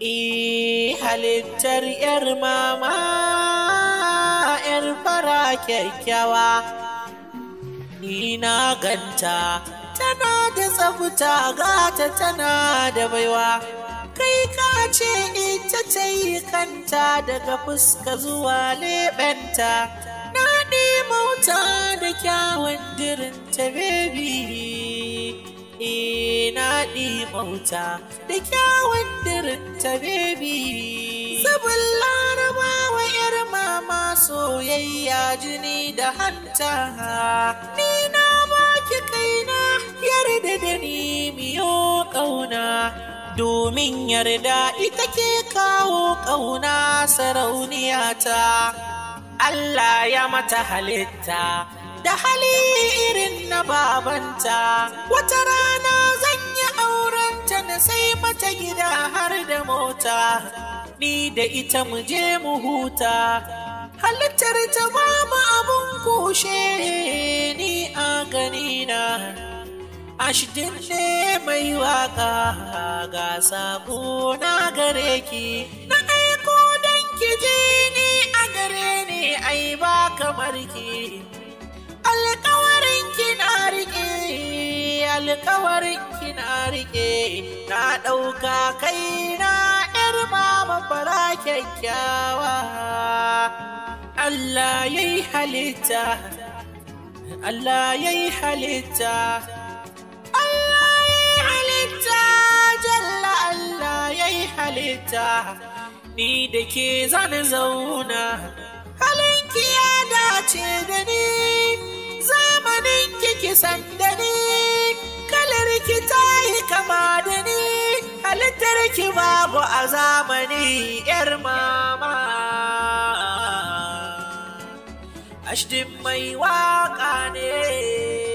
E halittar ‘yar mama, ‘yar fara kyakkyawa, ni na ganta, tana da tsafta gata tana da baiwa. Kai ka ce ita ta yi kanta daga fuska zuwa leɓenta, na mauta da kyawun dirinta bebi. E na mauta da kyawun dirinta. ta bebi Sabon larabawa yar mama soyayya jini da hanta Ni na baki kaina yarda da ni miyo ƙauna domin yarda ita ke kawo ƙauna sarauniyata. Allah ya mata halitta da hali irin na babanta wata mata gida har da mota ni da ita mu je mu huta halittar ta mu abun kushe ni a gani ganina ashidin ne mai waka ga sabo na gare ki na aiko don ki je ni a gare ni ai ba kamar ki alkawarki na riƙe na ɗauka kaina ‘yar mama fara kyakkyawa Allah ya yi halitta Allah ya yi halitta Allah ya halitta jalla Allah ya halitta ni da ke zan zauna halinki ya dace da ni zamanin kiki ni. a zamani ‘yar mama, ashdin mai waƙa ne.